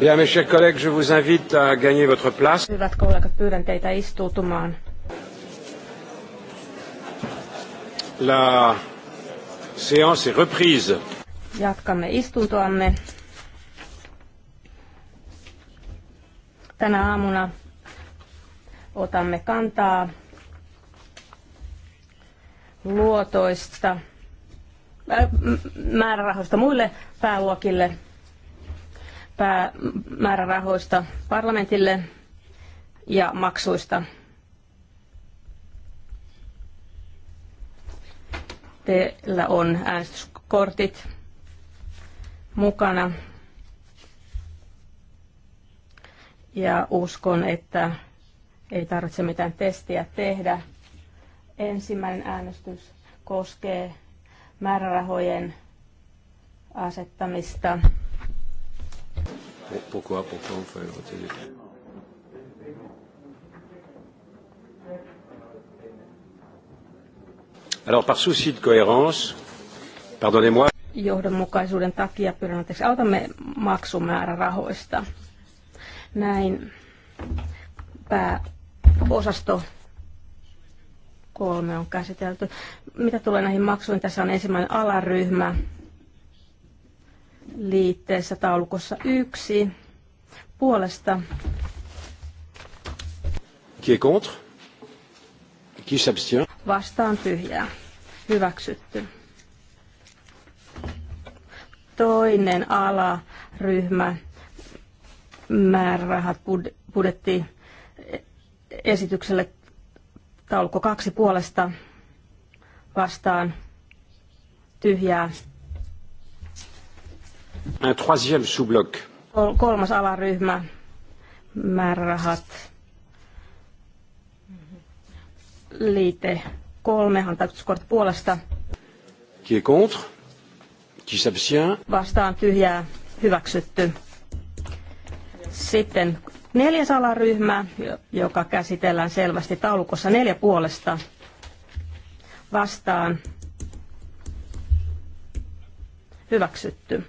Bien, mes chers collègues, je vous invite à gagner votre place. Hyvät kollegat, pyydän teitä istuutumaan. La séance est reprise. Jatkamme istuntoamme. Tänä aamuna otamme kantaa luotoista äh, määrärahoista muille pääluokille – päämäärärahoista parlamentille ja maksuista. Teillä on äänestyskortit mukana. Ja uskon, että ei tarvitse mitään testiä tehdä. Ensimmäinen äänestys koskee määrärahojen asettamista Pourquoi Pourquoi on fait le voter Alors, par souci de cohérence, pardonnez-moi. Johdonmukaisuuden takia pyydän anteeksi. Autamme maksumäärärahoista. Näin pääosasto kolme on käsitelty. Mitä tulee näihin maksuihin, tässä on ensimmäinen alaryhmä, liitteessä taulukossa yksi puolesta. Qui est contre? Qui s'abstient? Vastaan tyhjää. Hyväksytty. Toinen ala ryhmä määrärahat budjetti esitykselle taulukko kaksi puolesta vastaan tyhjää Un troisième sous-bloc. Kolmas alaryhmä, määrärahat. Liite kolme, hantaukset puolesta. Qui est contre? Qui s'abstient? Vastaan tyhjää, hyväksytty. Sitten neljäs alaryhmä, joka käsitellään selvästi taulukossa neljä puolesta vastaan hyväksytty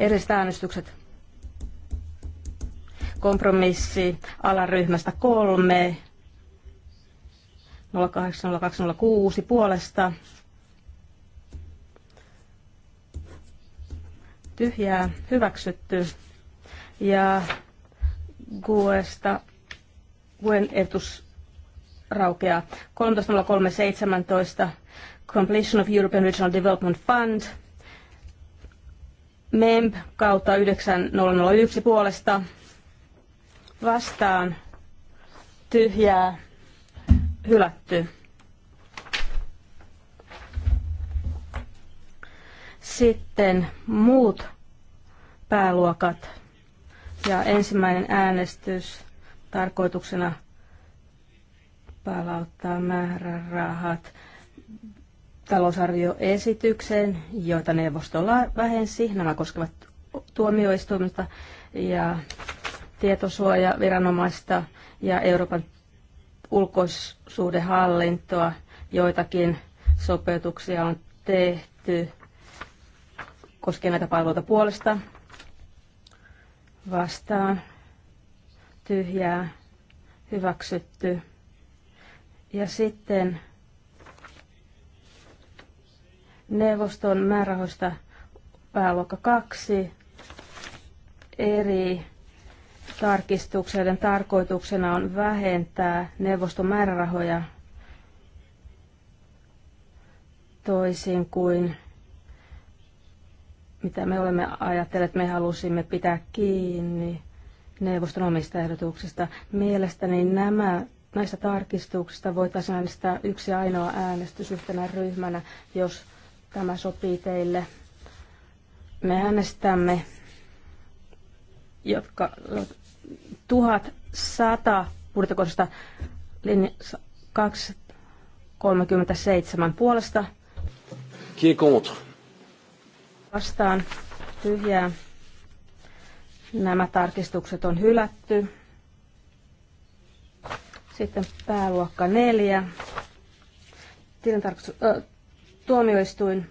edestä äänestykset. Kompromissi alaryhmästä kolme 080206 puolesta. Tyhjää hyväksytty. Ja Guesta Guen etus raukeaa 13.03.17 Completion of European Regional Development Fund MEMP kautta 9001 puolesta vastaan tyhjää hylätty. Sitten muut pääluokat ja ensimmäinen äänestys tarkoituksena palauttaa määrärahat talousarvioesitykseen, joita neuvosto vähensi. Nämä koskevat tuomioistuimista ja tietosuojaviranomaista ja Euroopan ulkoisuudenhallintoa. Joitakin sopeutuksia on tehty koskien näitä palveluita puolesta vastaan tyhjää hyväksytty. Ja sitten neuvoston määrärahoista pääluokka 2 eri tarkistuksien tarkoituksena on vähentää neuvoston määrärahoja toisin kuin mitä me olemme ajatelleet, me halusimme pitää kiinni neuvoston omista ehdotuksista. Mielestäni nämä, näistä tarkistuksista voitaisiin äänestää yksi ainoa äänestys yhtenä ryhmänä, jos tämä sopii teille. Me äänestämme, jotka 1100 budjettikohdasta 237 puolesta. Qui est contre? Vastaan tyhjää. Nämä tarkistukset on hylätty. Sitten pääluokka neljä. Tilintarkastus, äh, Tuomioistuin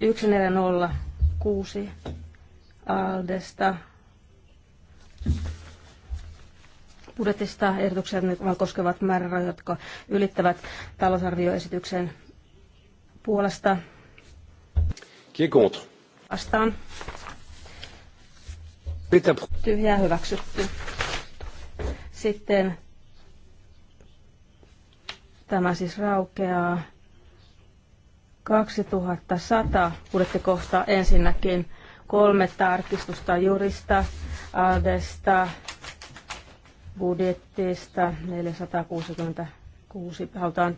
yksi neljä nolla kuusi Aldesta budjetista ehdotukset koskevat määrärahoja, jotka ylittävät talousarvioesityksen puolesta. Kiitos. est Vastaan. Tyhjää hyväksytty. Sitten Tämä siis raukeaa 2100 budjettikohtaa ensinnäkin kolme tarkistusta jurista, Aldesta, budjettista 466. Halutaan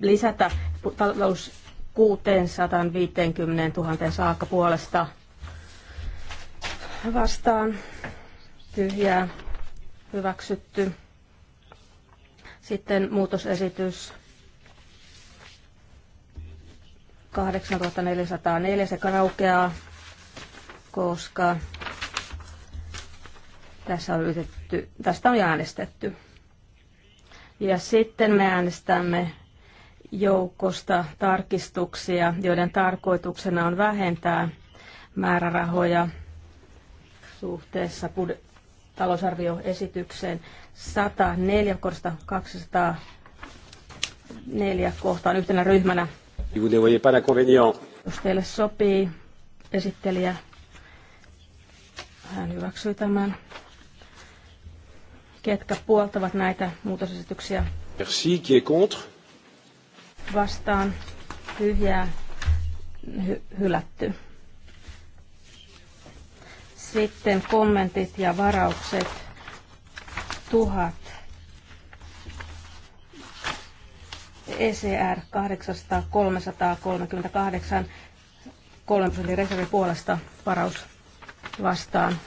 lisätä talous 650 000 saakka puolesta vastaan tyhjää hyväksytty. Sitten muutosesitys 8404, se raukeaa, koska tässä on yritetty, tästä on äänestetty. Ja sitten me äänestämme joukosta tarkistuksia, joiden tarkoituksena on vähentää määrärahoja suhteessa talousarvioesitykseen 104 kohdasta 204 kohtaan yhtenä ryhmänä. Jos teille sopii, esittelijä, hän hyväksyy tämän. Ketkä puoltavat näitä muutosesityksiä? Merci, qui est contre? Vastaan tyhjää hy- hylätty. Sitten kommentit ja varaukset. Tuhat. ECR 800 338 3 prosentin reservi puolesta varaus vastaan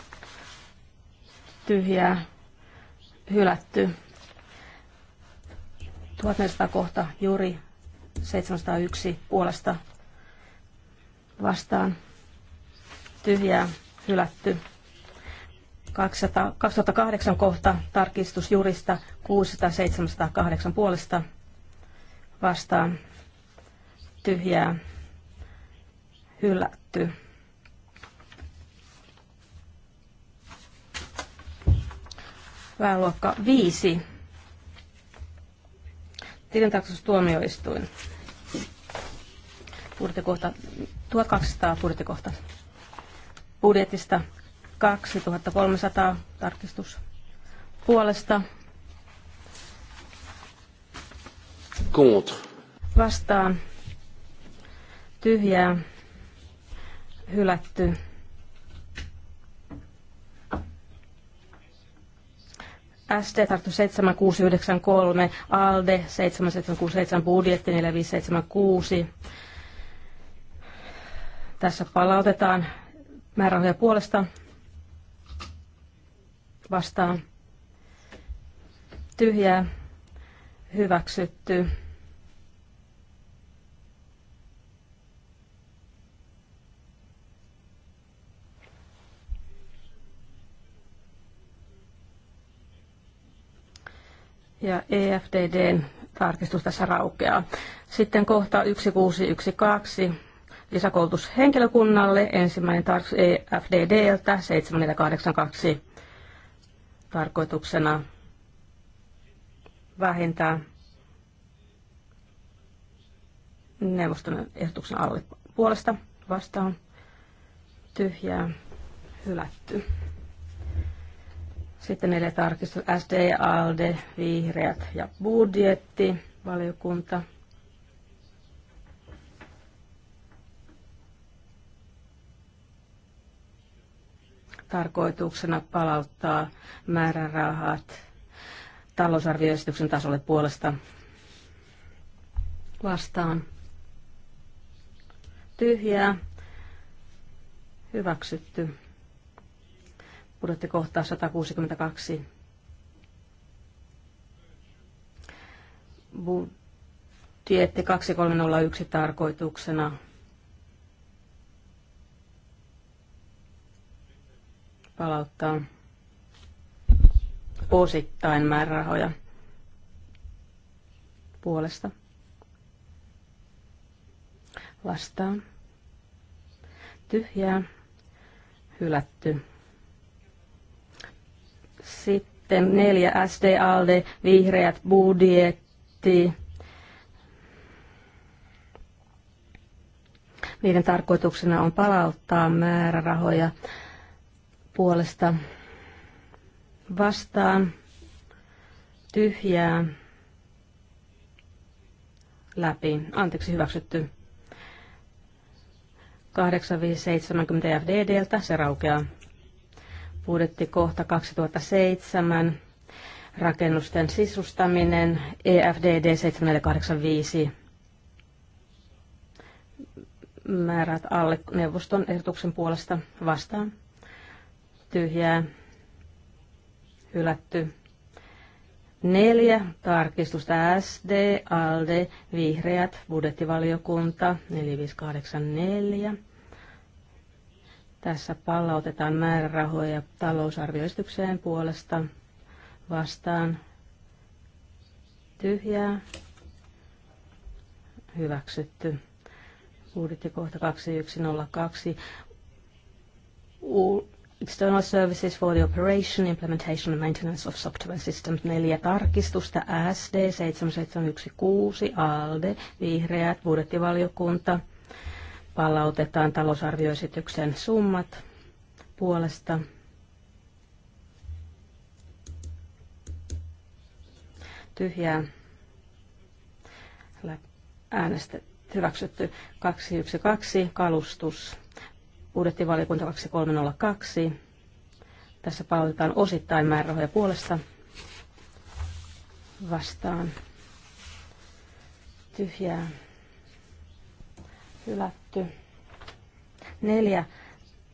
tyhjää hylätty 1400 kohta juuri 701 puolesta vastaan tyhjää hylätty. 2008 kohta tarkistus jurista 600 puolesta vastaan tyhjää hylätty. Pääluokka 5. Tilintarkastustuomioistuin. Budjettikohta 1200 budjettikohta budjetista 2300 tarkistus puolesta. Contre. Vastaan. Tyhjää. Hylätty. SD tarttu 7693, ALDE 7767, budjetti 4576. Tässä palautetaan määrärahoja puolesta vastaan tyhjää hyväksytty. ja EFDDn tarkistus tässä raukeaa. Sitten kohta 1612 lisäkoulutus henkilökunnalle. Ensimmäinen tarkoitus EFDDltä 782 tarkoituksena vähintään neuvoston ehdotuksen alle puolesta vastaan tyhjää hylätty. Sitten neljä tarkistus SDALD, vihreät ja budjetti, valiokunta tarkoituksena palauttaa määrärahat talousarvioesityksen tasolle puolesta vastaan. Tyhjää. Hyväksytty. kohtaa 162. Budjetti 2301 tarkoituksena palauttaa osittain määrärahoja puolesta vastaan. Tyhjää, hylätty. Sitten neljä SD, ALDE, vihreät, budjetti. Niiden tarkoituksena on palauttaa määrärahoja puolesta vastaan tyhjää läpi. Anteeksi, hyväksytty. 8570 FDDltä se raukeaa. Budjetti kohta 2007. Rakennusten sisustaminen EFDD 7485 määrät alle neuvoston ehdotuksen puolesta vastaan tyhjää, hylätty. Neljä, tarkistusta SD, ALDE, Vihreät, budjettivaliokunta, 4584. Tässä palautetaan määrärahoja talousarvioistukseen puolesta vastaan tyhjää, hyväksytty. Budjettikohta 2102, External Services for the Operation, Implementation and Maintenance of Software Systems. Neljä tarkistusta. SD 7716, ALDE, Vihreät, budjettivaliokunta. Palautetaan talousarvioesityksen summat puolesta. Tyhjää. Äänestä hyväksytty 212 kalustus budjettivaliokunta 2302. Tässä palautetaan osittain määrärahoja puolesta vastaan. Tyhjää. Hylätty. Neljä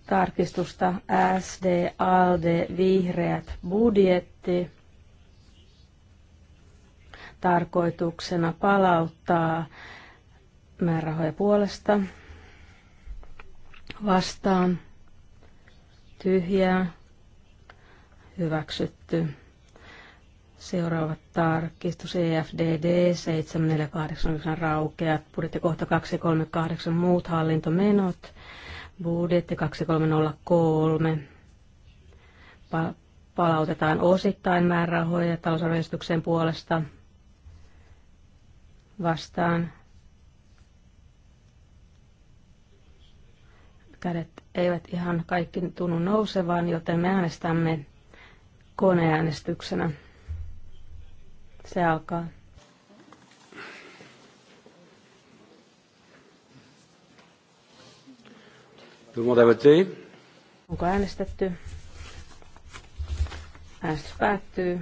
tarkistusta SD, ALD, vihreät, budjetti. Tarkoituksena palauttaa määrärahoja puolesta vastaan tyhjää hyväksytty. Seuraavat tarkistus EFDD 7489 raukeat, kohta 238 muut hallintomenot, budjetti 2303 pa- palautetaan osittain määrärahoja talousarvioistukseen puolesta vastaan kädet eivät ihan kaikki tunnu nousevan, joten me äänestämme koneäänestyksenä. Se alkaa. Onko äänestetty? Äänestys päättyy.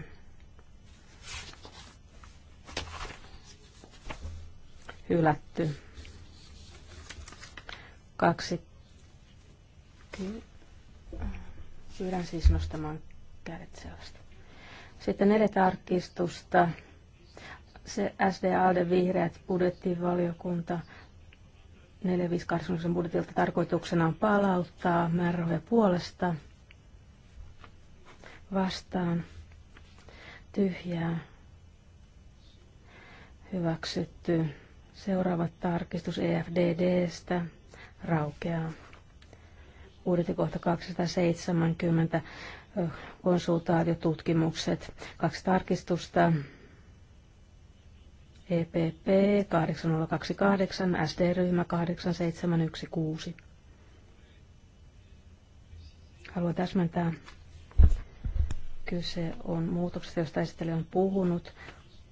Hylätty. Kaksi Pyydän siis nostamaan kädet sellaista. Sitten neljä tarkistusta. Se SDAD vihreät budjettivaliokunta 458 budjetilta tarkoituksena on palauttaa määrärahoja puolesta vastaan tyhjää hyväksytty. Seuraava tarkistus EFDDstä raukeaa budjettikohta 270, konsultaatiotutkimukset, kaksi tarkistusta, EPP 8028, SD-ryhmä 8716. Haluan täsmentää. Kyse on muutoksesta, josta esittelijä on puhunut.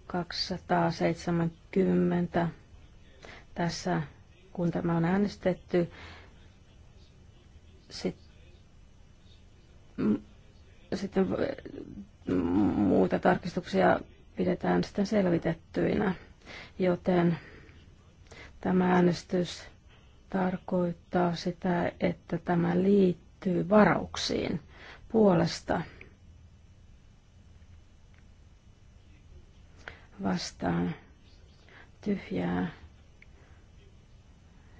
270. Tässä, kun tämä on äänestetty, sitten, sitten muita tarkistuksia pidetään sitten selvitettyinä, joten tämä äänestys tarkoittaa sitä, että tämä liittyy varauksiin puolesta vastaan tyhjää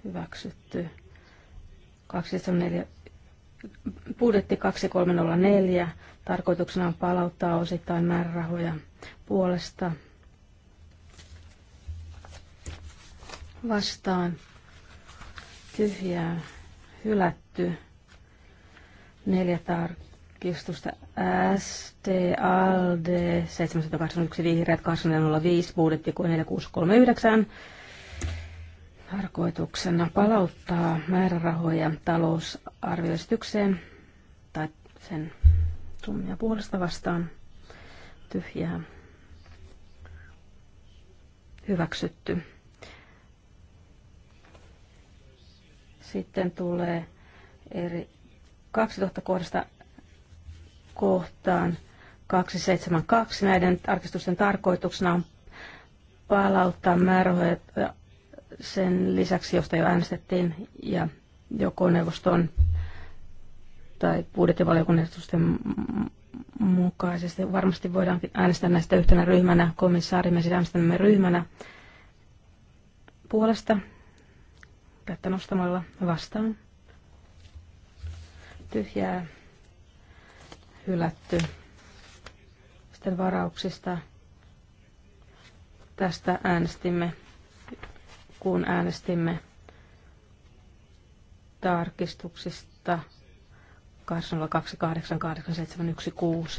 hyväksytty 204 Budjetti 2304 tarkoituksena on palauttaa osittain määrärahoja puolesta vastaan tyhjää hylätty neljä tarkistusta ST, ALD, 781 vihreät, 805, budjetti 4639 tarkoituksena palauttaa määrärahoja talousarvioesitykseen tai sen summia puolesta vastaan tyhjää hyväksytty. Sitten tulee eri 2000 kohdasta kohtaan 272. Näiden tarkistusten tarkoituksena on palauttaa määrärahoja sen lisäksi, josta jo äänestettiin, ja joko neuvoston tai budjettivaliokunnan mukaisesti. Varmasti voidaan äänestää näistä yhtenä ryhmänä, komissaari, me siis äänestämme ryhmänä puolesta, kättä nostamalla vastaan. Tyhjää, hylätty. Sitten varauksista. Tästä äänestimme kun äänestimme tarkistuksista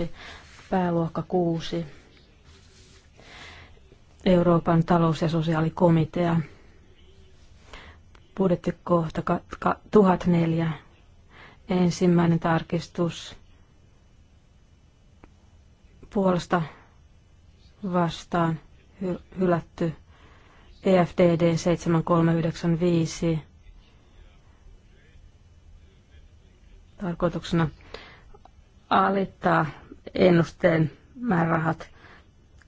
8028876, pääluokka 6, Euroopan talous- ja sosiaalikomitea, budjettikohta 1004, ensimmäinen tarkistus puolesta vastaan hylätty EFDD 7395 tarkoituksena alittaa ennusteen määrärahat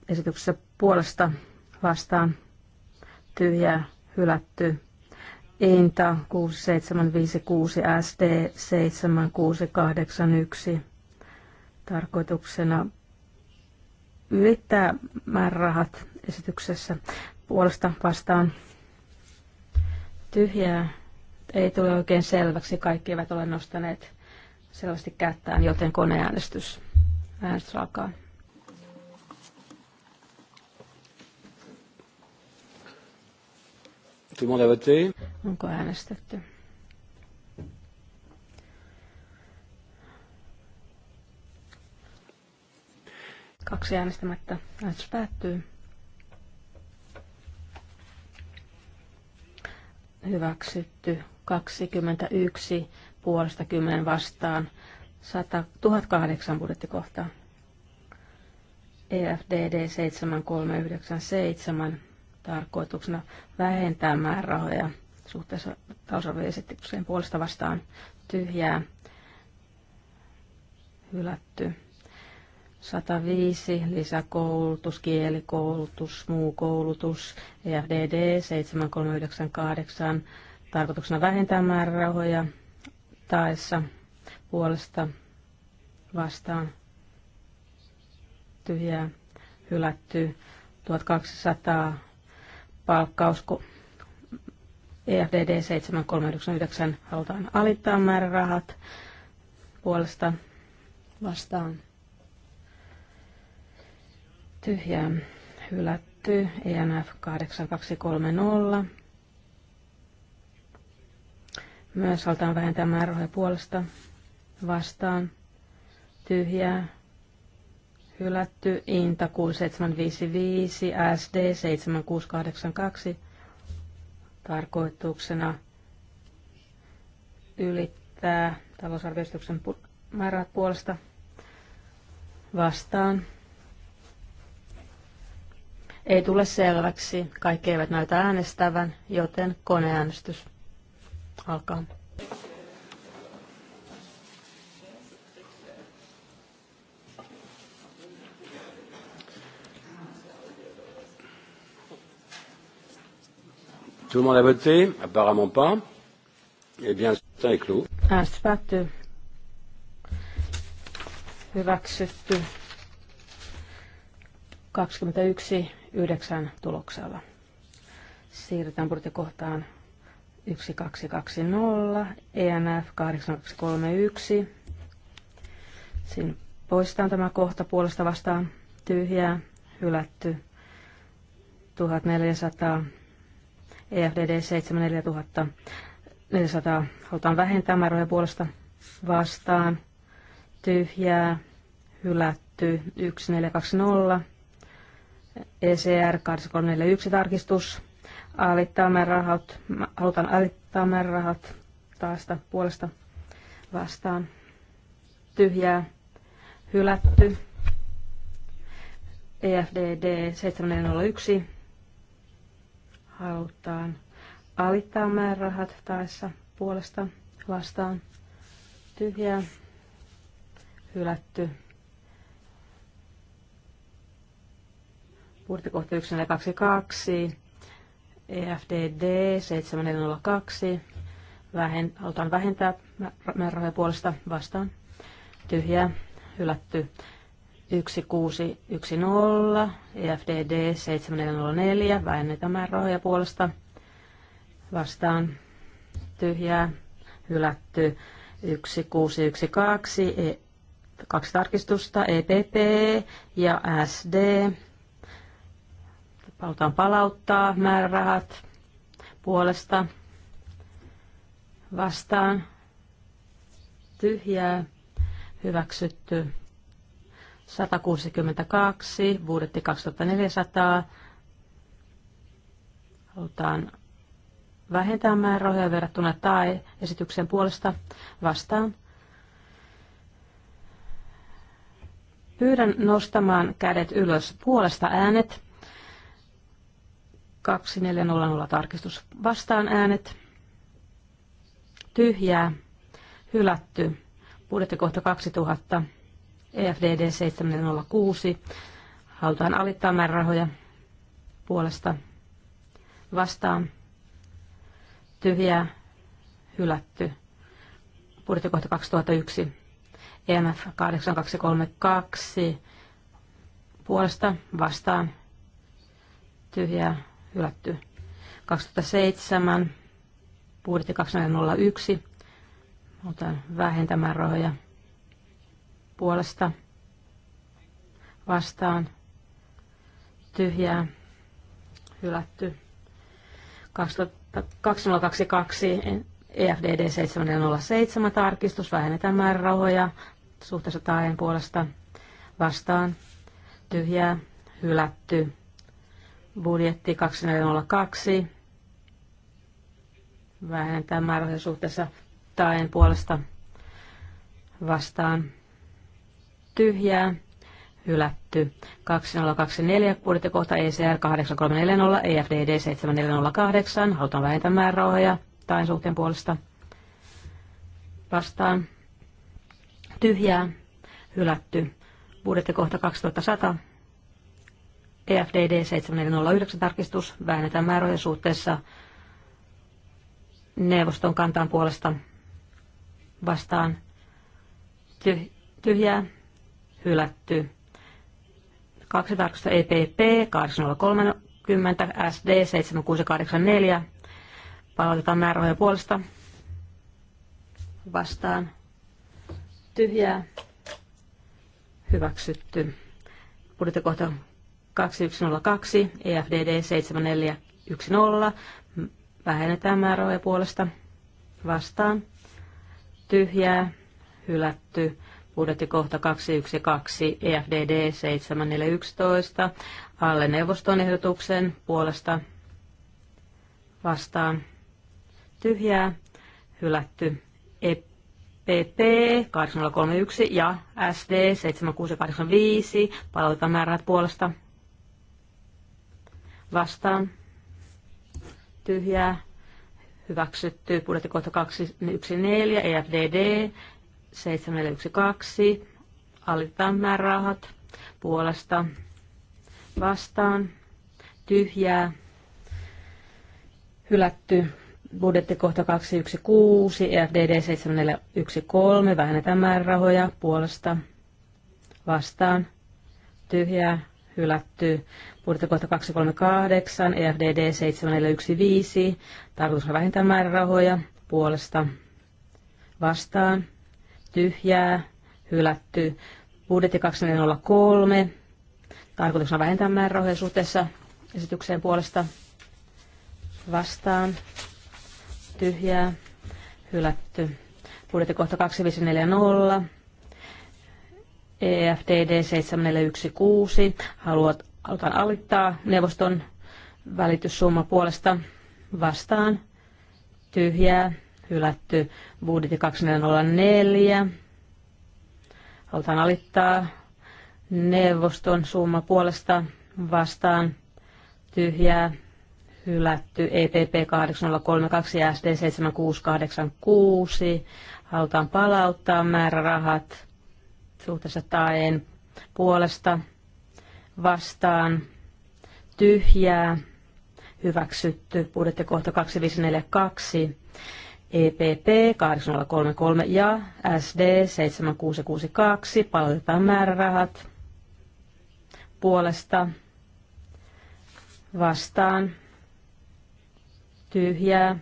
esityksessä puolesta vastaan tyhjää hylätty. Inta 6756 SD 7681 tarkoituksena ylittää määrärahat esityksessä puolesta vastaan tyhjää. Ei tule oikein selväksi. Kaikki eivät ole nostaneet selvästi kättään, joten koneäänestys. Äänestys alkaa. Onko äänestetty? Kaksi äänestämättä. Äänestys päättyy. hyväksytty 21 puolesta 10 vastaan 100, 1008 budjettikohtaa. EFDD 7397 tarkoituksena vähentää määrärahoja suhteessa talousarvioesitykseen puolesta vastaan tyhjää hylätty. 105, lisäkoulutus, kielikoulutus, muu koulutus, EFDD 7398, tarkoituksena vähentää määrärahoja taessa puolesta vastaan tyhjää hylätty 1200 palkkaus EFDD 7399 halutaan alittaa määrärahat puolesta vastaan tyhjää hylätty, ENF 8230. Myös halutaan vähentää määrärahoja puolesta vastaan, tyhjää hylätty, Inta 6755, SD 7682 tarkoituksena ylittää talousarvioistuksen määrät puolesta vastaan ei tule selväksi. Kaikki eivät näytä äänestävän, joten koneäänestys alkaa. Tout le monde a voté Apparemment pas. Eh bien, ça est clos. Äänestys päättyy. Hyväksytty. 21 yhdeksän tuloksella. Siirrytään budjettikohtaan 1220, ENF 8231. Siinä poistetaan tämä kohta puolesta vastaan tyhjää, hylätty 1400, EFDD 74400. halutaan vähentää määrärahoja puolesta vastaan, tyhjää, hylätty 1420, ECR 241 tarkistus. Alittaa määrärahat. Halutaan alittaa määrärahat taas puolesta vastaan. Tyhjää. Hylätty. EFDD 701. Halutaan alittaa määrärahat taessa puolesta vastaan. Tyhjää. Hylätty. budjettikohta 1422, EFDD 702, vähen, halutaan vähentää määrärahojen puolesta vastaan, tyhjä, hylätty 1610, EFDD 7404, vähennetään määrärahoja puolesta vastaan, tyhjää, hylätty 1612, e, kaksi tarkistusta, EPP ja SD Halutaan palauttaa määrärahat puolesta vastaan tyhjää hyväksytty 162, budjetti 2400. Halutaan vähentää määrärahoja verrattuna tai esityksen puolesta vastaan. Pyydän nostamaan kädet ylös puolesta äänet 2400 tarkistus. Vastaan äänet. Tyhjää. Hylätty. Budjettikohta 2000. EFDD 706. Halutaan alittaa määrärahoja puolesta. Vastaan. Tyhjää. Hylätty. Budjettikohta 2001. EMF 8232. Puolesta. Vastaan. Tyhjää hylätty. 2007 budjetti 2001. Otan vähentämään rahoja puolesta vastaan. Tyhjää hylätty. 2022 EFDD 707 tarkistus. Vähennetään määrärahoja suhteessa taajan puolesta vastaan. Tyhjää hylätty budjetti 2402 vähentää määräisen suhteessa taen puolesta vastaan tyhjää, hylätty. 2024 budjettikohta ECR 8340, EFDD 7408, halutaan vähentää määrärahoja taen suhteen puolesta vastaan tyhjää, hylätty. Budjettikohta 2100, EFDD 7409 tarkistus väännetään määrojen suhteessa neuvoston kantaan puolesta vastaan Tyh- tyhjää hylätty. Kaksi tarkistusta EPP 8030 SD 7684 palautetaan määrärahojen puolesta vastaan tyhjää hyväksytty. Budjettikohta 2102, EFDD 7410, vähennetään määrärahoja puolesta vastaan. Tyhjää, hylätty, budjettikohta 212, EFDD 7411, alle neuvoston ehdotuksen puolesta vastaan. Tyhjää, hylätty, EPP 8031 ja SD 7685, palautetaan määrät puolesta vastaan tyhjää hyväksytty budjettikohta 214 EFDD 7412 alitetaan määrärahat puolesta vastaan tyhjää hylätty budjettikohta 216 EFDD 7413 vähennetään määrärahoja puolesta vastaan tyhjää hylätty. Budjettikohta 238, EFDD 7415, tarkoitus vähentää määrärahoja puolesta vastaan, tyhjää, hylätty. Budjetti 2403, on vähentää määrärahoja suhteessa esitykseen puolesta vastaan, tyhjää, hylätty. Budjetti kohta 2540, EFTD 7416. Haluat, halutaan alittaa neuvoston välityssumma puolesta vastaan. Tyhjää, hylätty. Budjetti 2404. Halutaan alittaa neuvoston summa puolesta vastaan. Tyhjää, hylätty. EPP 8032 ja SD 7686. Halutaan palauttaa määrärahat suhteessa taen puolesta vastaan tyhjää hyväksytty budjettikohta 2542 EPP 8033 ja SD 7662 palautetaan määrärahat puolesta vastaan tyhjää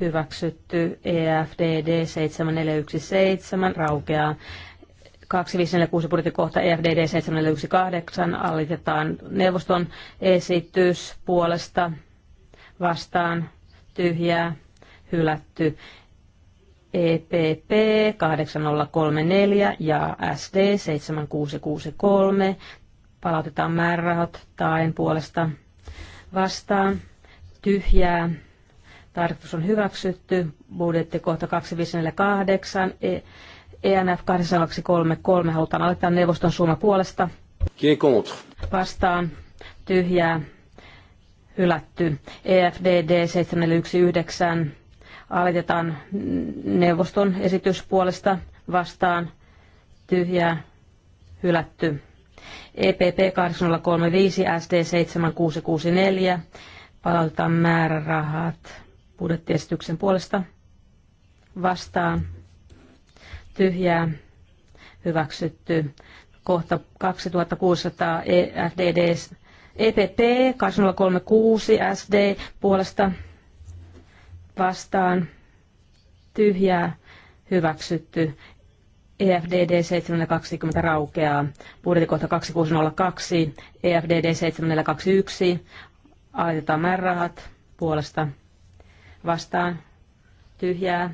hyväksytty EFDD 7417 raukeaa 2546 budjettikohta EFDD 7418 allitetaan neuvoston esitys puolesta vastaan tyhjää hylätty EPP 8034 ja SD 7663 palautetaan määrärahat taen puolesta vastaan tyhjää Tarkoitus on hyväksytty. Budjetti kohta 2548. ENF 8233 halutaan aloittaa neuvoston suoma puolesta. Vastaan tyhjää hylätty. EFDD 719 Aloitetaan neuvoston esitys puolesta vastaan tyhjää hylätty. EPP 8035 SD 7664 palautetaan määrärahat budjettiesityksen puolesta vastaan tyhjää hyväksytty. Kohta 2600 EFDD, EPP 2036 SD puolesta vastaan tyhjää hyväksytty. EFDD 720 raukeaa. Budjettikohta 2602, EFDD 721, aitetaan määrärahat puolesta vastaan tyhjää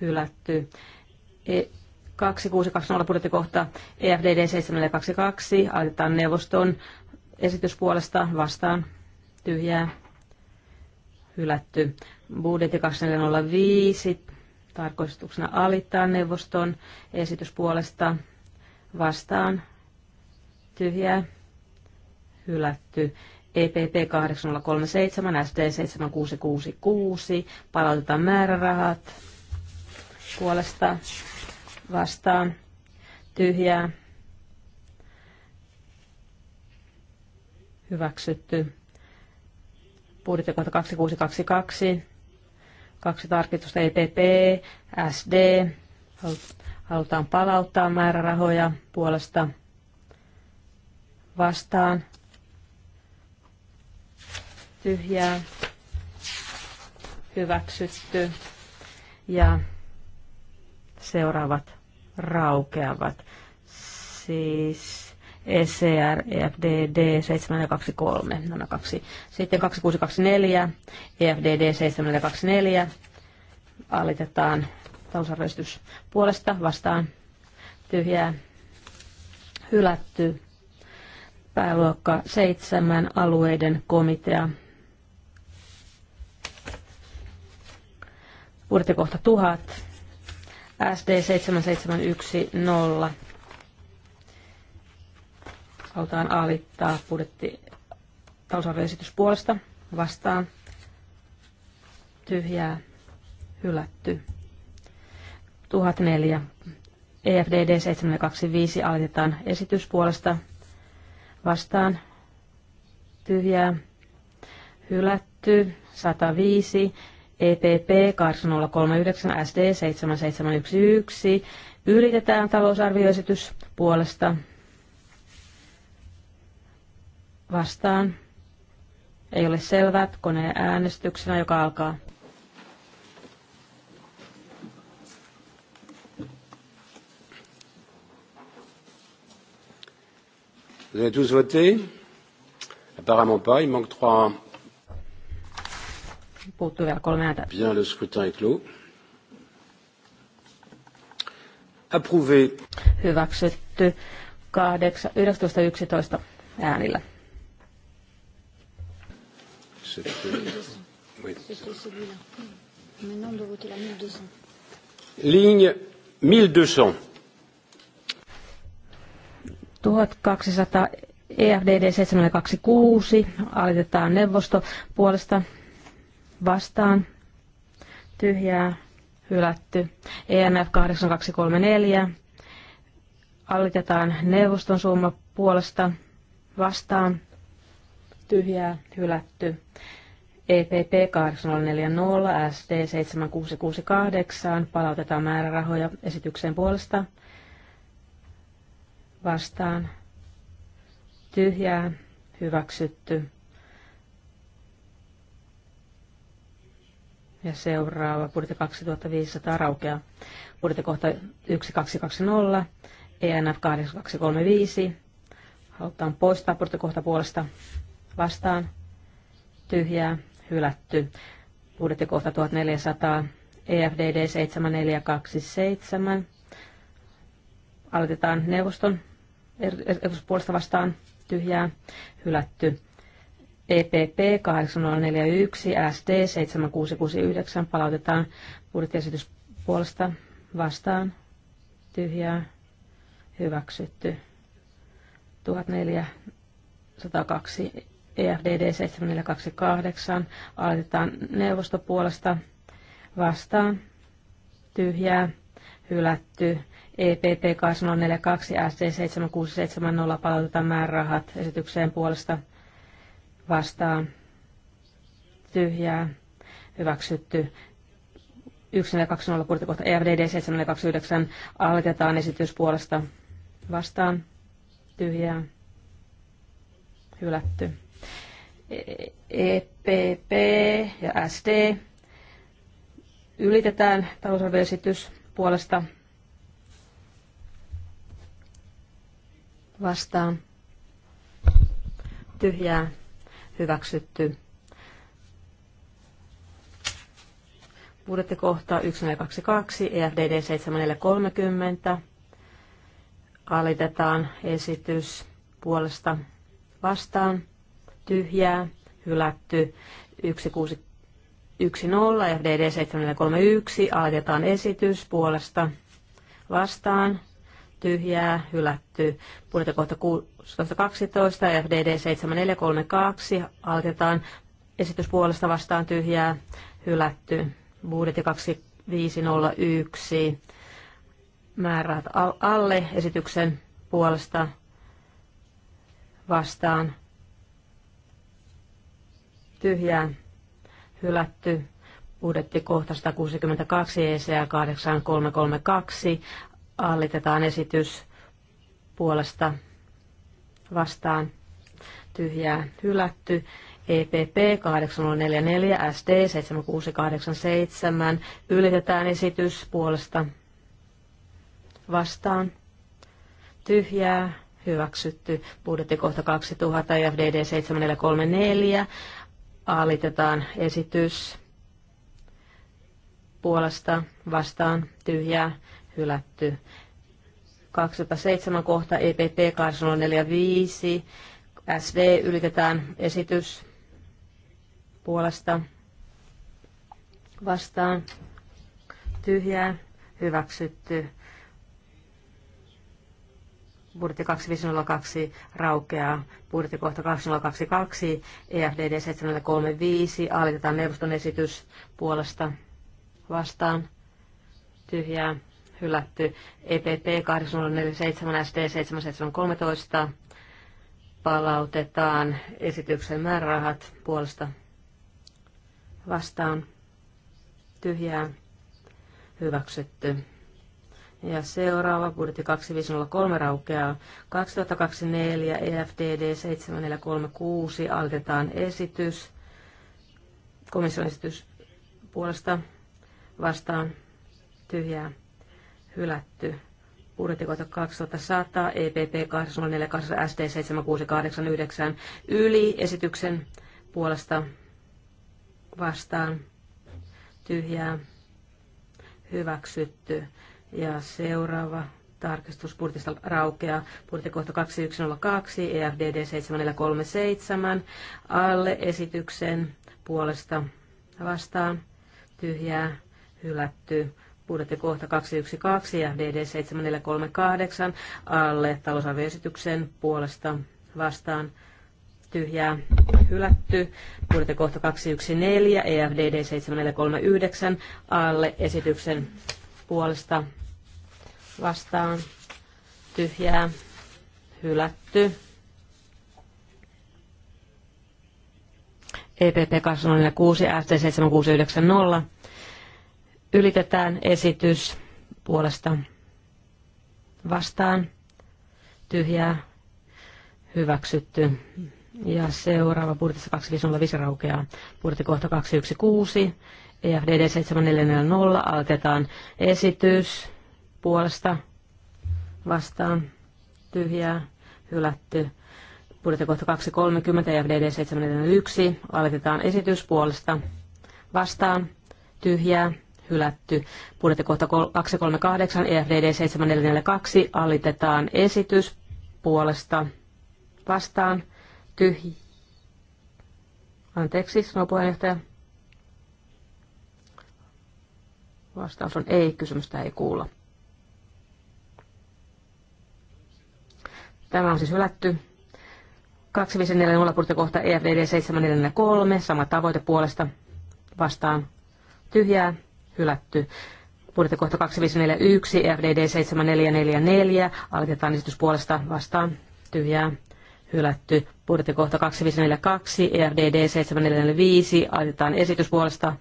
hylätty. E- 2620 budjettikohta EFDD 722 aitetaan neuvoston esityspuolesta vastaan tyhjää hylätty. Budjetti 2405 tarkoituksena alittaa neuvoston esityspuolesta vastaan tyhjää hylätty. EPP 8037, SD 7666, palautetaan määrärahat puolesta vastaan tyhjää hyväksytty. Budjettikohta 2622, kaksi tarkistusta EPP, SD, halutaan palauttaa määrärahoja puolesta vastaan tyhjää hyväksytty ja seuraavat raukeavat. Siis ECR, EFDD 723, nämä kaksi. Sitten 2624, EFDD 724, alitetaan talousarvioistys puolesta vastaan tyhjää hylätty pääluokka 7 alueiden komitea. Budjettikohta 1000 SD7710. Halutaan alittaa budjetti talousarvioesitys puolesta vastaan. Tyhjää hylätty. 1004. EFDD 725 alitetaan esityspuolesta vastaan. Tyhjää hylätty. 105. EPP 8039 SD 7711. Yritetään talousarvioesitys puolesta vastaan. Ei ole selvää koneen äänestyksenä, joka alkaa. Vous avez tous voté Apparemment pas, il manque trois puuttuu vielä kolme ääntä. Bien, le scrutin est clos. Approuvé. Hyväksytty 19.11 äänillä. Ligne 1200. 1200 EFDD 726, alitetaan neuvosto puolesta vastaan tyhjää hylätty. ENF 8234 allitetaan neuvoston summa puolesta vastaan tyhjää hylätty. EPP 8040 SD 7668 palautetaan määrärahoja esityksen puolesta vastaan tyhjää hyväksytty. ja seuraava budjetti 2500 Budjetti kohta 1220, ENF 8235. Halutaan poistaa kohta puolesta vastaan. Tyhjää, hylätty. kohta 1400, EFDD 7427. Aloitetaan neuvoston er- er- er- puolesta vastaan tyhjää, hylätty. EPP 8041, ST 7669 palautetaan budjettiesitys puolesta vastaan, tyhjää, hyväksytty. 1402 EFDD 7428 aloitetaan neuvostopuolesta vastaan, tyhjää, hylätty. EPP 8042 ST 7670 palautetaan määrärahat esitykseen puolesta vastaan tyhjää hyväksytty 1420 kohta EFDD 729 aloitetaan esitys puolesta vastaan tyhjää hylätty. EPP e ja SD ylitetään talousarvioesitys puolesta vastaan tyhjää hyväksytty. kohta 1422, EFDD 7430. Alitetaan esitys puolesta vastaan. Tyhjää, hylätty 1610, FDD 7431. Alitetaan esitys puolesta vastaan. Tyhjää, hylätty. Budjettikohta 112 FDD 7432 aloitetaan esitys puolesta vastaan tyhjää hylätty. Budjetti 2501 määrät alle esityksen puolesta vastaan tyhjää hylätty. Budjetti kohta 162 ECA 8332 allitetaan esitys puolesta vastaan tyhjää hylätty. EPP 844 SD 7687 ylitetään esitys puolesta vastaan tyhjää hyväksytty budjettikohta 2000 ja FDD 7434 alitetaan esitys puolesta vastaan tyhjää hylätty 207 kohta EPP 845, SV ylitetään esitys puolesta vastaan tyhjää hyväksytty. Budjetti 2502 raukeaa. Budjetti kohta 2022 EFDD 735 alitetaan neuvoston esitys puolesta vastaan tyhjää hylätty. EPP 847 ST 7713 palautetaan esityksen määrärahat puolesta vastaan tyhjää hyväksytty. Ja seuraava budjetti 2503 raukeaa 2024 EFDD 7436 aloitetaan esitys. Komission esitys puolesta vastaan tyhjää hylätty. Budjettikohta 2100, EPP 848, ST 7689 yli esityksen puolesta vastaan tyhjää hyväksytty. Ja seuraava tarkistus budjetista raukeaa. Budjettikohta 2102, EFDD 7437, alle esityksen puolesta vastaan tyhjää hylätty kohta 212 ja DD 7438 alle talousarvioesityksen puolesta vastaan tyhjää hylätty. kohta 214 EFDD 7439 alle esityksen puolesta vastaan tyhjää hylätty. EPP 206 ST 7690 Ylitetään esitys puolesta vastaan. Tyhjää hyväksytty. Ja seuraava budjetissa 2505 raukeaa. kohta 216. EFDD 7440 aloitetaan esitys puolesta vastaan tyhjää hylätty. kohta 230 EFDD 741 aloitetaan esitys puolesta vastaan tyhjää hylätty. Budjettikohta 238 EFDD 742 allitetaan esitys puolesta vastaan tyhjä. Anteeksi, sanoo puheenjohtaja. Vastaus on ei, kysymystä ei kuulla. Tämä on siis hylätty. 2540 kohta EFDD 743, sama tavoite puolesta vastaan tyhjää, hylätty. kohta 2541, FDD 7444, aloitetaan esitys puolesta vastaan, tyhjää, hylätty. kohta 2542, EFDD 7445, aloitetaan esitys puolesta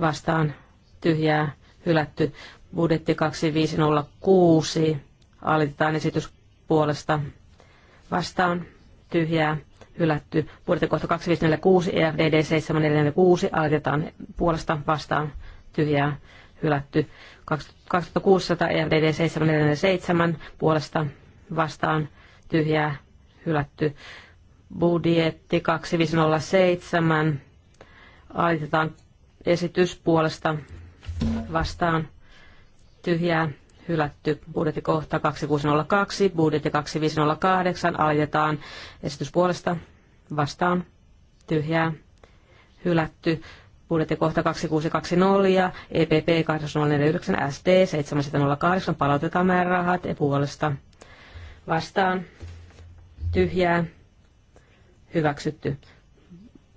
vastaan, tyhjää, hylätty. Budjetti 2506, aloitetaan esitys puolesta vastaan, tyhjää, hylätty. kohta 2546, EFDD 7446, aloitetaan puolesta vastaan, tyhjää hylätty. 2600 EFDD 747 puolesta vastaan tyhjää hylätty. Budjetti 2507 alitetaan esitys puolesta vastaan tyhjää hylätty. Budjettikohta 2602, budjetti 2508 alitetaan esitys puolesta vastaan tyhjää hylätty budjettikohta 2620, EPP 849, ST 708, palautetaan määrärahat e puolesta vastaan, tyhjää, hyväksytty.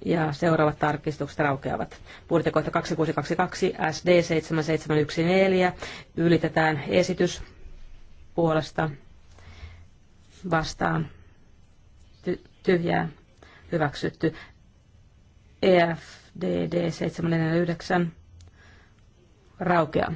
Ja seuraavat tarkistukset raukeavat. Budjettikohta 2622, SD 7714, ylitetään esitys puolesta vastaan, tyhjää, hyväksytty. EF dd raukea raukeaa.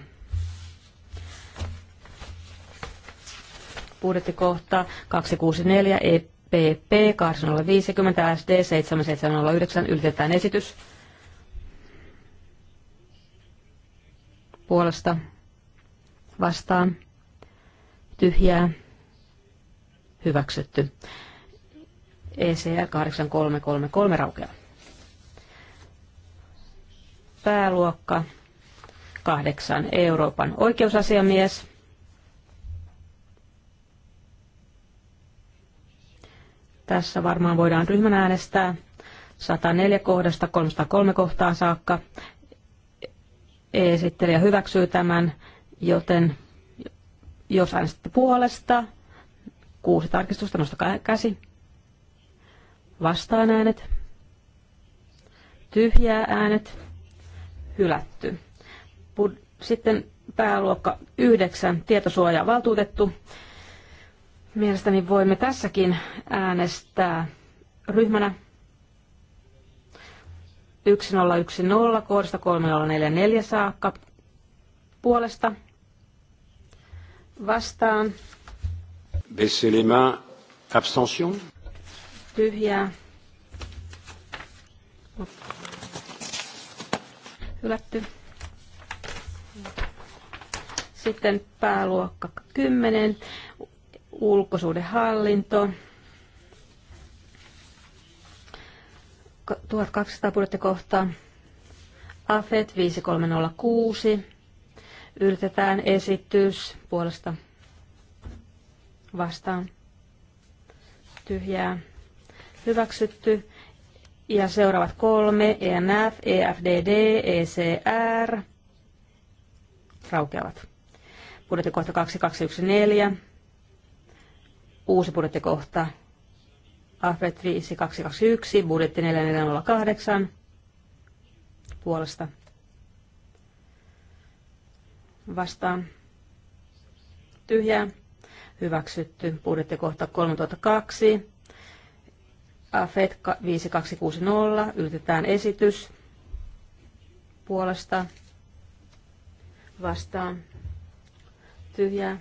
budjettikohta 264 EPP 850 SD 7709 ylitetään esitys puolesta vastaan tyhjää hyväksytty. ECR 8333 raukeaa pääluokka kahdeksan Euroopan oikeusasiamies. Tässä varmaan voidaan ryhmän äänestää 104 kohdasta 303 kohtaan saakka. Esittelijä hyväksyy tämän, joten jos äänestätte puolesta, kuusi tarkistusta, nostakaa käsi. Vastaan äänet, tyhjää äänet, hylätty. Sitten pääluokka 9, tietosuojavaltuutettu. Mielestäni voimme tässäkin äänestää ryhmänä 1010 kohdasta 3044 saakka puolesta vastaan. Baissez les mains. Abstention. Tyhjää. Hylätty. Sitten pääluokka 10, ulkosuudenhallinto. 1200 budjettikohtaa. AFET 5306. Yritetään esitys puolesta vastaan. Tyhjää. Hyväksytty. Ja seuraavat kolme, ENF, EFDD, ECR, raukeavat. Budjettikohta 2214, uusi budjettikohta AFET 5221, budjetti 4408 puolesta vastaan tyhjää. Hyväksytty budjettikohta 3002, AFET 5260, yritetään esitys puolesta vastaan tyhjä,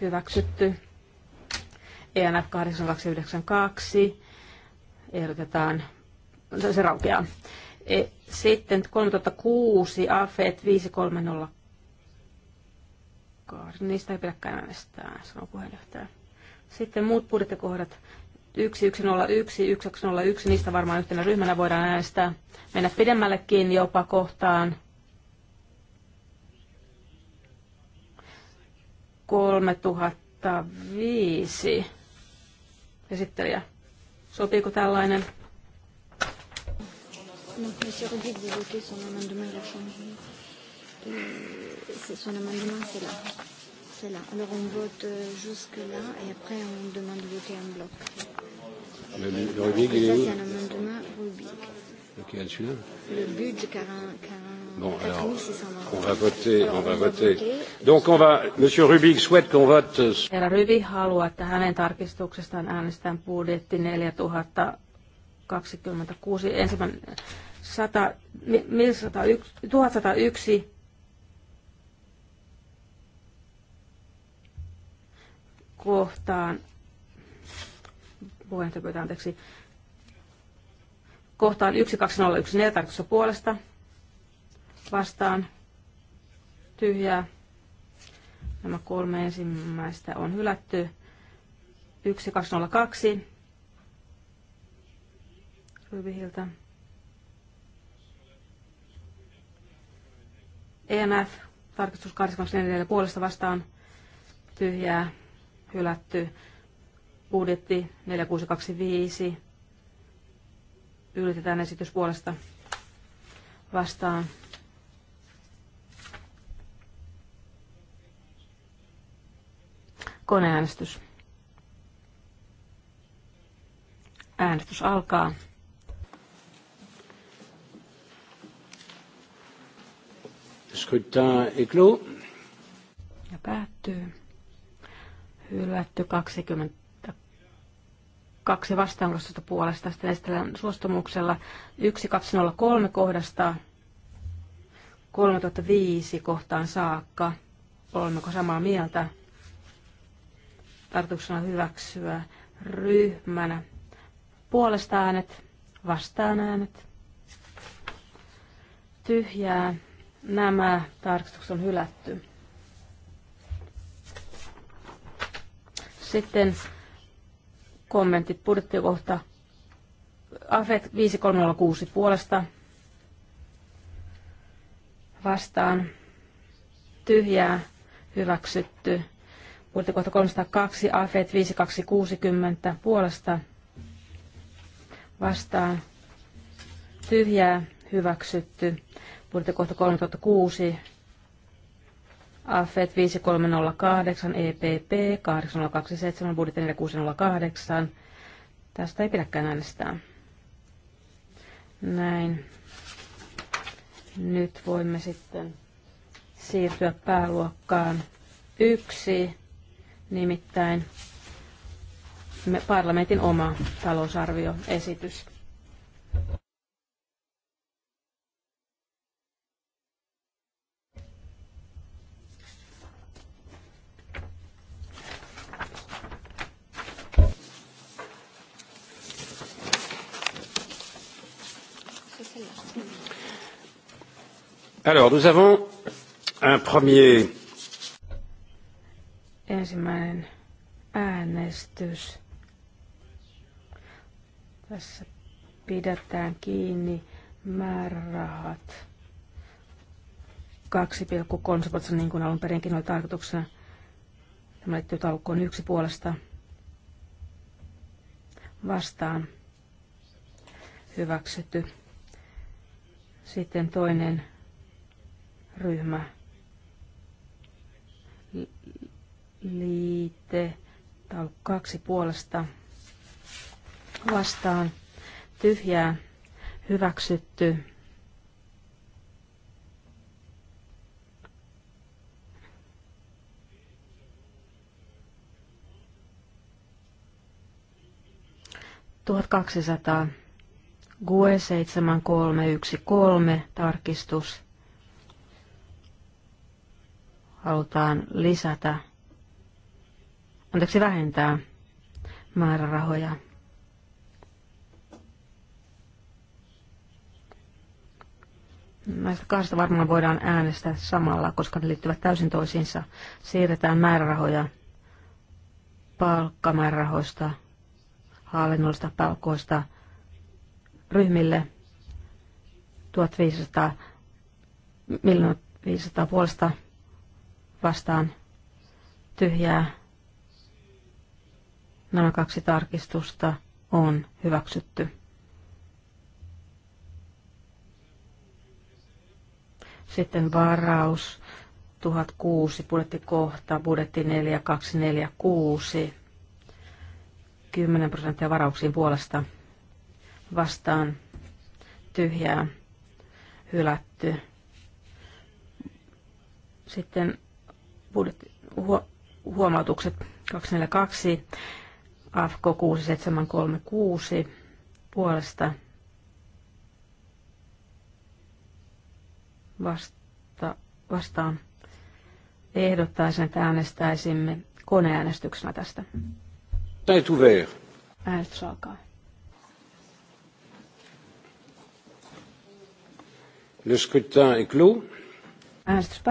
hyväksytty. ENF 8292 no se raukeaa. E, sitten 3006 AFET 5302, niistä ei pidäkään äänestää, sanoo puheenjohtaja. Sitten muut budjettikohdat 1101, 1201, niistä varmaan yhtenä ryhmänä voidaan äänestää, mennä pidemmällekin jopa kohtaan 3005 esittelijä. Sopiiko tällainen? Donc, monsieur Rudy, vous votez son amendement, il a changé. Euh, son amendement, c'est là. C'est là. Alors, on vote euh, jusque-là et après, on demande de voter en bloc. Le, le, le Rubik, il est où Lequel, celui-là Le budget 40. 40 Bon, alors, on va voter, on va voter. Donc on va, Monsieur Rubik souhaite qu'on vote. Euh, Herra Rubik haluaa, että hänen tarkistuksestaan äänestään budjetti 4026, ensimmäinen 100, 1101 kohtaan puheenjohtajapöytä, anteeksi. Kohtaan 12014 tarkoituksessa puolesta vastaan tyhjää. Nämä kolme ensimmäistä on hylätty. 1202 Ryvihiltä. EMF, tarkistus 84 puolesta vastaan, tyhjää, hylätty budjetti 4625 Yritetään esitys puolesta vastaan. Koneäänestys. Äänestys alkaa. Scrutin est Ja päättyy. Hylätty 20 kaksi vastaanotosta puolesta. Sitten esitellään suostumuksella 1203 kohdasta 3005 kohtaan saakka. Olemmeko samaa mieltä? Tartuksena hyväksyä ryhmänä puolesta äänet, vastaan äänet, tyhjää. Nämä tarkistukset on hylätty. Sitten kommentit budjettikohta. AFET 5306 puolesta vastaan tyhjää hyväksytty. Budjettikohta 302 AFET 5260 puolesta vastaan tyhjää hyväksytty. Budjettikohta 306 AFET 5308, EPP 8027, budjetti 4608. Tästä ei pidäkään äänestää. Näin. Nyt voimme sitten siirtyä pääluokkaan yksi, nimittäin parlamentin oma talousarvioesitys. Alors, nous avons un premier... Ensimmäinen äänestys. Tässä pidetään kiinni määrärahat. 2,3 niin kuin alun perinkin oli tarkoituksena. Tämä liittyy taulukkoon yksi puolesta vastaan hyväksytty. Sitten toinen ryhmä liite tai kaksi puolesta vastaan tyhjää hyväksytty tuhat kaksisataa GUE 7313 tarkistus halutaan lisätä, anteeksi vähentää määrärahoja. Näistä kahdesta varmaan voidaan äänestää samalla, koska ne liittyvät täysin toisiinsa. Siirretään määrärahoja palkkamäärärahoista, hallinnollista palkoista ryhmille 1500 miljoonaa 500 puolesta vastaan tyhjää. Nämä kaksi tarkistusta on hyväksytty. Sitten varaus 1006, budjettikohta, budjetti 4246. 10 prosenttia varauksiin puolesta vastaan tyhjää, hylätty. Sitten huo, huomautukset 242, AFKO 6736 puolesta vasta, vastaan ehdottaisin, että äänestäisimme koneäänestyksenä tästä. Äänestys alkaa. Le scrutin est clos. Äänestys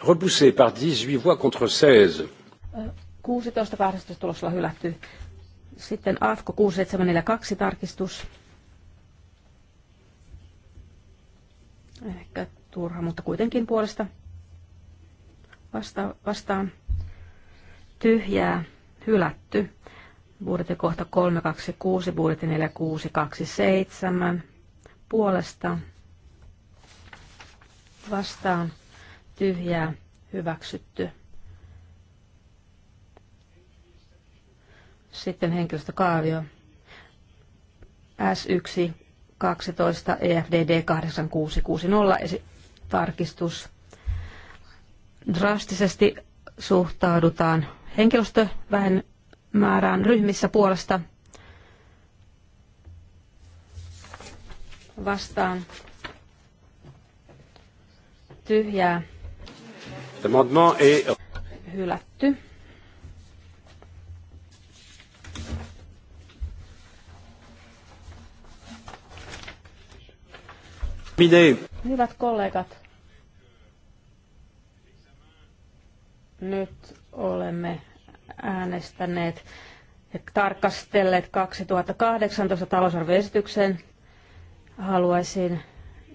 repoussé par 18 voix contre 16. 16 18 tuloksella hylätty. Sitten AFKO 6742 tarkistus. Ehkä turha, mutta kuitenkin puolesta vasta, vastaan tyhjää, hylätty. Budjetti kohta 326, budjetti 4627 puolesta vastaan tyhjää hyväksytty. Sitten henkilöstökaavio. S1 12 EFDD 8660 tarkistus. Drastisesti suhtaudutaan määrään ryhmissä puolesta vastaan tyhjää est... Hylätty. Hyvät kollegat, nyt olemme äänestäneet ja tarkastelleet 2018 talousarvioesityksen. Haluaisin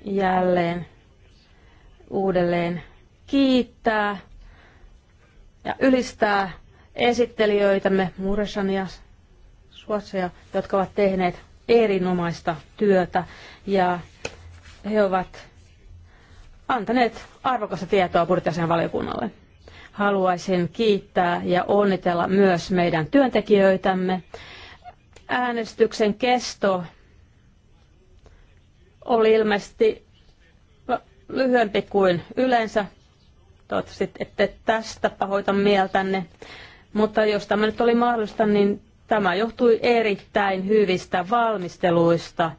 jälleen uudelleen kiittää ja ylistää esittelijöitämme Muresan ja Suotseja, jotka ovat tehneet erinomaista työtä ja he ovat antaneet arvokasta tietoa budjettiasian valiokunnalle. Haluaisin kiittää ja onnitella myös meidän työntekijöitämme. Äänestyksen kesto oli ilmeisesti lyhyempi kuin yleensä. Toivottavasti ette tästä pahoita mieltänne. Mutta jos tämä nyt oli mahdollista, niin tämä johtui erittäin hyvistä valmisteluista.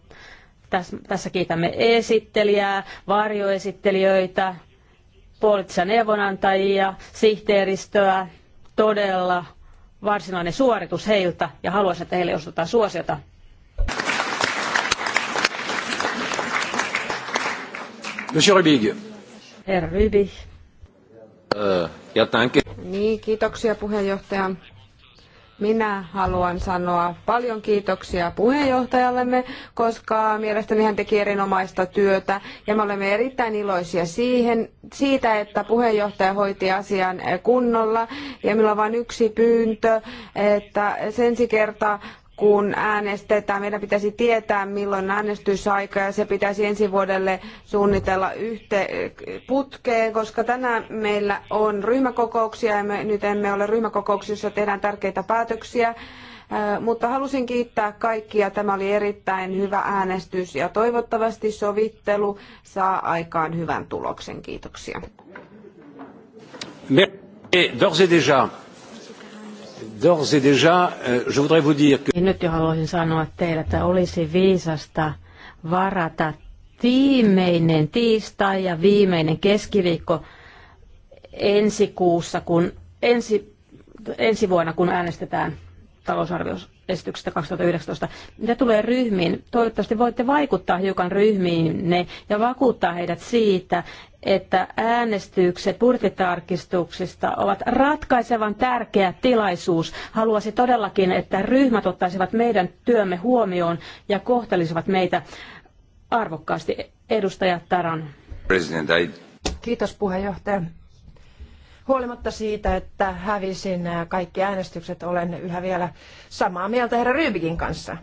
Tässä kiitämme esittelijää, varjoesittelijöitä, poliittisia neuvonantajia, sihteeristöä. Todella varsinainen suoritus heiltä ja haluaisin, että heille osoitetaan suosiota. Monsieur Rubig. Herra Rubig. Äh, ja tämänkin... Niin, kiitoksia puheenjohtaja. Minä haluan sanoa paljon kiitoksia puheenjohtajallemme, koska mielestäni hän teki erinomaista työtä ja me olemme erittäin iloisia siihen, siitä, että puheenjohtaja hoiti asian kunnolla ja minulla on vain yksi pyyntö, että sen kerta kun äänestetään, meidän pitäisi tietää milloin äänestysaika ja se pitäisi ensi vuodelle suunnitella yhte- putkeen, koska tänään meillä on ryhmäkokouksia ja me nyt emme ole ryhmäkokouksissa, tehdään tärkeitä päätöksiä. Äh, mutta halusin kiittää kaikkia. Tämä oli erittäin hyvä äänestys ja toivottavasti sovittelu saa aikaan hyvän tuloksen. Kiitoksia. Merci d'ores et déjà D'ores et déjà, euh, je voudrais vous dire que... Niin nyt jo haluaisin sanoa teille, että olisi viisasta varata viimeinen tiistai ja viimeinen keskiviikko ensi kuussa, kun ensi, ensi vuonna, kun äänestetään talousarvioesityksestä 2019. Mitä tulee ryhmiin, toivottavasti voitte vaikuttaa hiukan ryhmiinne ja vakuuttaa heidät siitä, että äänestykset budjettitarkistuksista ovat ratkaisevan tärkeä tilaisuus. Haluaisin todellakin, että ryhmät ottaisivat meidän työmme huomioon ja kohtelisivat meitä arvokkaasti. Edustaja Taran. President, I... Kiitos puheenjohtaja. Huolimatta siitä, että hävisin kaikki äänestykset, olen yhä vielä samaa mieltä herra Rybikin kanssa.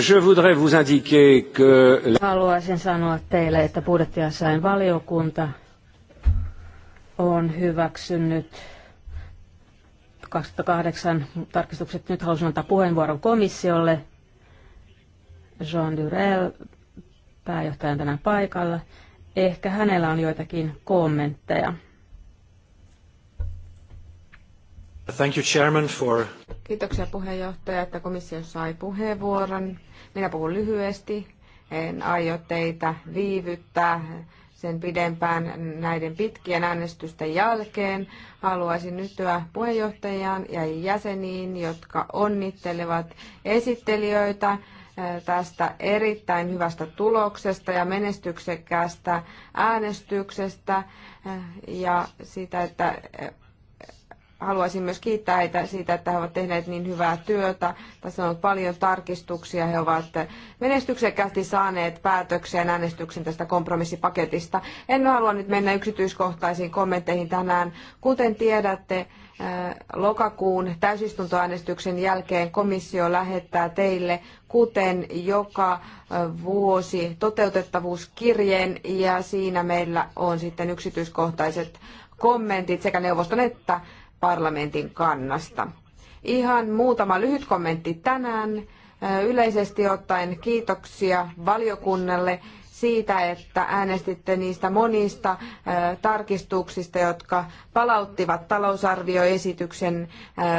Je voudrais vous indiquer que... Haluaisin sanoa teille, että budjettiasain valiokunta on hyväksynyt 2008 tarkistukset. Nyt halusin antaa puheenvuoron komissiolle. Jean Durel, pääjohtaja on tänään paikalla. Ehkä hänellä on joitakin kommentteja. Thank you, Chairman, for... Kiitoksia puheenjohtaja, että komissio sai puheenvuoron. Minä puhun lyhyesti. En aio teitä viivyttää sen pidempään näiden pitkien äänestysten jälkeen. Haluaisin nytyä puheenjohtajaan ja jäseniin, jotka onnittelevat esittelijöitä eh, tästä erittäin hyvästä tuloksesta ja menestyksekkäästä äänestyksestä eh, ja sitä, että eh, haluaisin myös kiittää heitä siitä, että he ovat tehneet niin hyvää työtä. Tässä on ollut paljon tarkistuksia. He ovat menestyksekkäästi saaneet päätökseen äänestyksen tästä kompromissipaketista. En halua nyt mennä yksityiskohtaisiin kommentteihin tänään. Kuten tiedätte, eh, lokakuun täysistuntoäänestyksen jälkeen komissio lähettää teille, kuten joka eh, vuosi, toteutettavuuskirjeen ja siinä meillä on sitten yksityiskohtaiset kommentit sekä neuvoston että parlamentin kannasta. Ihan muutama lyhyt kommentti tänään. Yleisesti ottaen kiitoksia valiokunnalle siitä, että äänestitte niistä monista tarkistuksista, jotka palauttivat talousarvioesityksen.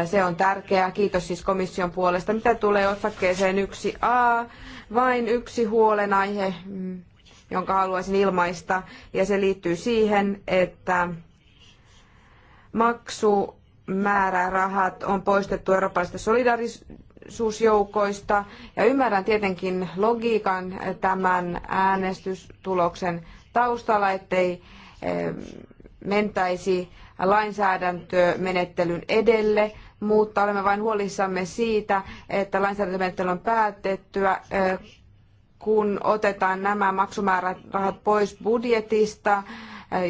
Se on tärkeää. Kiitos siis komission puolesta. Mitä tulee otsakkeeseen 1a? Vain yksi huolenaihe, mm, jonka haluaisin ilmaista, ja se liittyy siihen, että Maksumäärärahat on poistettu eurooppalaisista solidarisuusjoukoista ja ymmärrän tietenkin logiikan tämän äänestystuloksen taustalla, ettei mentäisi lainsäädäntömenettelyn edelle, mutta olemme vain huolissamme siitä, että lainsäädäntömenettely on päätettyä, kun otetaan nämä maksumäärärahat pois budjetista